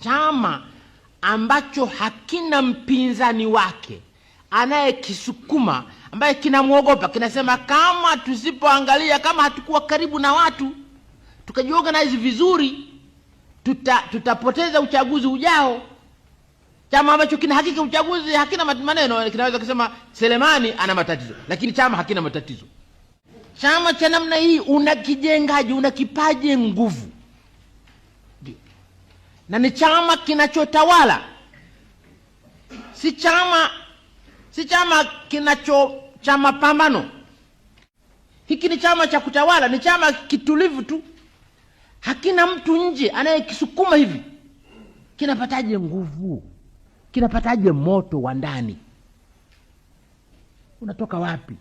chama ambacho hakina mpinzani wake anayekisukuma ambaye kinamwogopa, kinasema kama tusipoangalia, kama hatukuwa karibu na watu tukajiorganize vizuri, tuta, tutapoteza uchaguzi ujao. Chama ambacho kina hakika uchaguzi hakina maneno, kinaweza kusema Selemani ana matatizo, lakini chama hakina matatizo. Chama cha namna hii unakijengaji Unakipaje nguvu? na ni chama kinachotawala, si chama si chama kinacho cha mapambano. Hiki ni chama cha kutawala, ni chama kitulivu tu, hakina mtu nje anayekisukuma hivi. Kinapataje nguvu? Kinapataje moto wa ndani? Unatoka wapi?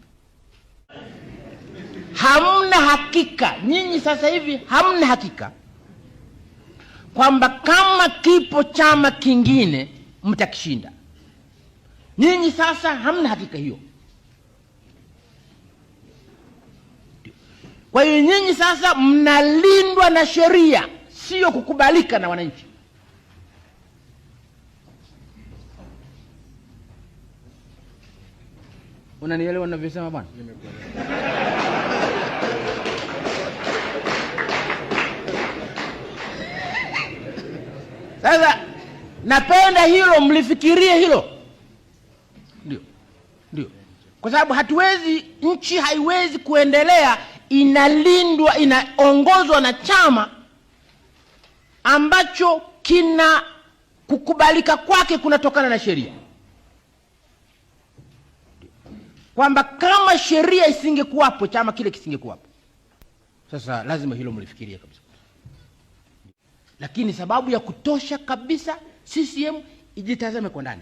Hamna hakika. Nyinyi sasa hivi hamna hakika kwamba kama kipo chama kingine mtakishinda. nyinyi sasa hamna hakika hiyo. Kwa hiyo nyinyi sasa mnalindwa na sheria, sio kukubalika na wananchi. Unanielewa ninavyosema bwana? Sasa napenda hilo mlifikirie hilo, ndio ndio, kwa sababu hatuwezi, nchi haiwezi kuendelea inalindwa, inaongozwa na chama ambacho kina kukubalika kwake kunatokana na sheria, kwamba kama sheria isingekuwapo chama kile kisingekuwapo. Sasa lazima hilo mlifikirie kabisa lakini sababu ya kutosha kabisa CCM ijitazame kwa ndani.